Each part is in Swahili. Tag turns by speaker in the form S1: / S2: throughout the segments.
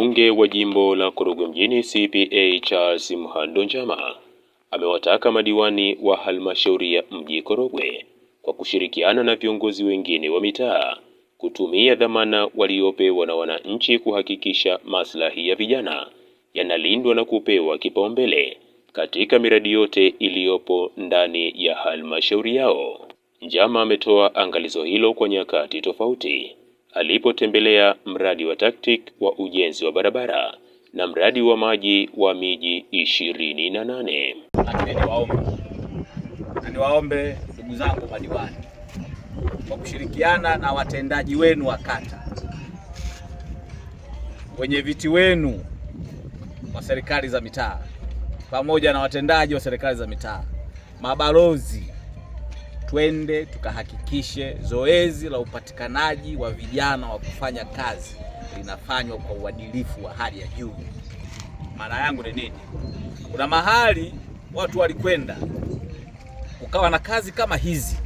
S1: Mbunge wa jimbo la Korogwe mjini CPA Charles Mhando Njama amewataka madiwani wa halmashauri ya mji Korogwe kwa kushirikiana na viongozi wengine wa mitaa kutumia dhamana waliopewa na wananchi kuhakikisha maslahi ya vijana yanalindwa na kupewa kipaumbele katika miradi yote iliyopo ndani ya halmashauri yao. Njama ametoa angalizo hilo kwa nyakati tofauti alipotembelea mradi wa TACTIC wa ujenzi wa barabara na mradi wa maji wa miji ishirini na nane.
S2: niwaombe ndugu zangu madiwani kwa kushirikiana na watendaji wenu wa kata, wenye viti wenu wa serikali za mitaa, pamoja na watendaji wa serikali za mitaa, mabalozi twende tukahakikishe zoezi la upatikanaji wa vijana wa kufanya kazi linafanywa kwa uadilifu wa hali ya juu. Maana yangu ni nini? Kuna mahali watu walikwenda ukawa na kazi kama hizi,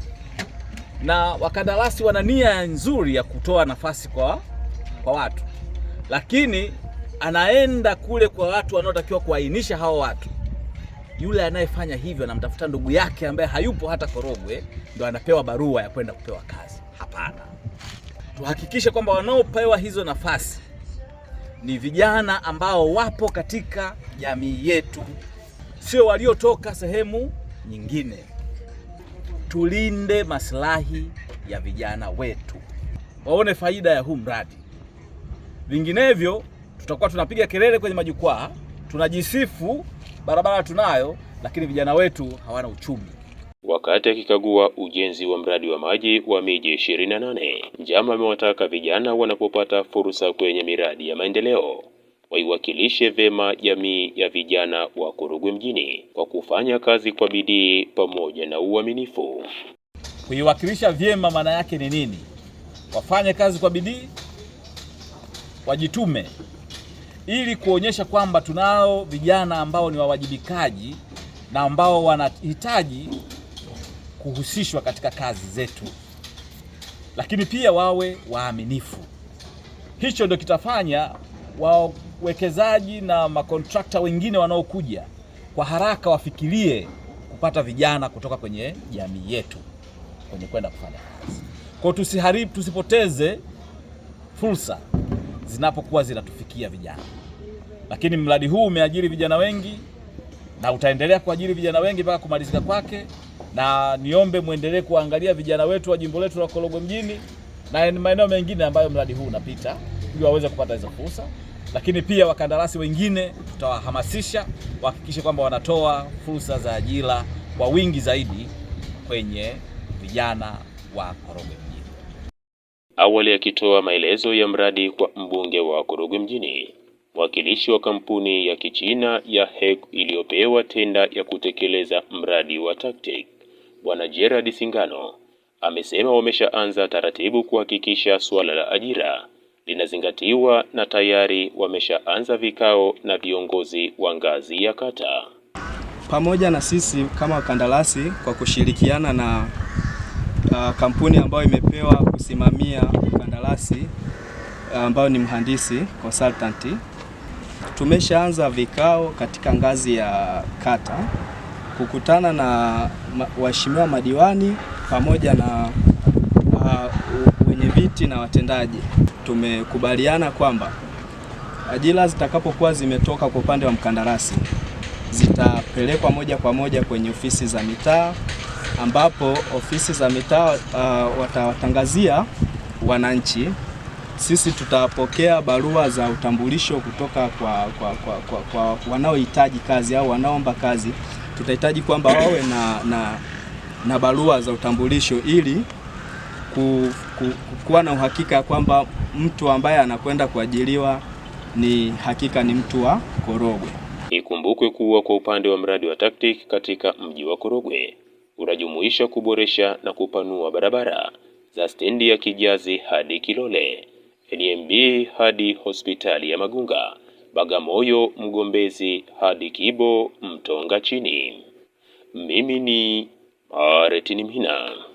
S2: na wakandarasi wana nia nzuri ya kutoa nafasi kwa, kwa watu, lakini anaenda kule kwa watu wanaotakiwa kuainisha hao watu yule anayefanya hivyo anamtafuta ndugu yake ambaye hayupo hata Korogwe, ndo anapewa barua ya kwenda kupewa kazi. Hapana, tuhakikishe kwamba wanaopewa hizo nafasi ni vijana ambao wapo katika jamii yetu, sio waliotoka sehemu nyingine. Tulinde maslahi ya vijana wetu waone faida ya huu mradi, vinginevyo tutakuwa tunapiga kelele kwenye majukwaa, tunajisifu barabara tunayo, lakini vijana wetu hawana uchumi.
S1: Wakati akikagua ujenzi wa mradi wa maji wa miji ishirini na nane, Njama amewataka vijana wanapopata fursa kwenye miradi ya maendeleo waiwakilishe vyema jamii ya vijana wa Korogwe mjini kwa kufanya kazi kwa bidii pamoja na uaminifu.
S2: Kuiwakilisha vyema maana yake ni nini? Wafanye kazi kwa bidii, wajitume ili kuonyesha kwamba tunao vijana ambao ni wawajibikaji na ambao wanahitaji kuhusishwa katika kazi zetu, lakini pia wawe waaminifu. Hicho ndio kitafanya wawekezaji na makontrakta wengine wanaokuja kwa haraka wafikirie kupata vijana kutoka kwenye jamii yetu kwenye kwenda kufanya kazi kwao. Tusiharibu, tusipoteze fursa zinapokuwa zinatufikia vijana. Lakini mradi huu umeajiri vijana wengi na utaendelea kuajiri vijana wengi mpaka kumalizika kwake, na niombe mwendelee kuangalia vijana wetu wa jimbo letu la Korogwe mjini na maeneo mengine ambayo mradi huu unapita ili waweze kupata hizo fursa. Lakini pia wakandarasi wengine tutawahamasisha wahakikishe kwamba wanatoa fursa za ajira kwa wingi zaidi kwenye vijana wa Korogwe.
S1: Awali akitoa maelezo ya mradi kwa mbunge wa Korogwe mjini, mwakilishi wa kampuni ya Kichina ya Hek iliyopewa tenda ya kutekeleza mradi wa TACTIC, Bwana Gerard Singano amesema wameshaanza taratibu kuhakikisha suala la ajira linazingatiwa na tayari wameshaanza vikao na viongozi wa ngazi ya kata
S3: pamoja na sisi kama wakandarasi kwa kushirikiana na uh, kampuni ambayo imepewa kusimamia mkandarasi ah, ambayo ni mhandisi consultant. Tumeshaanza vikao katika ngazi ya kata kukutana na waheshimiwa madiwani pamoja na uh, wenye viti na watendaji. Tumekubaliana kwamba ajira zitakapokuwa zimetoka kwa upande wa mkandarasi zitapelekwa moja kwa moja kwenye ofisi za mitaa ambapo ofisi za mitaa uh, watawatangazia wananchi. Sisi tutapokea barua za utambulisho kutoka kwa, kwa, kwa, kwa, kwa wanaohitaji kazi au wanaomba kazi. Tutahitaji kwamba wawe na, na, na barua za utambulisho ili ku, ku, kuwa na uhakika kwamba mtu ambaye anakwenda kuajiliwa ni hakika ni mtu wa Korogwe.
S1: Ikumbukwe kuwa kwa upande wa mradi wa TACTIC katika mji wa Korogwe unajumuisha kuboresha na kupanua barabara za stendi ya Kijazi hadi Kilole, NMB e hadi hospitali ya Magunga, Bagamoyo Mgombezi hadi Kibo Mtonga chini. Mimi ni Martin Mhina.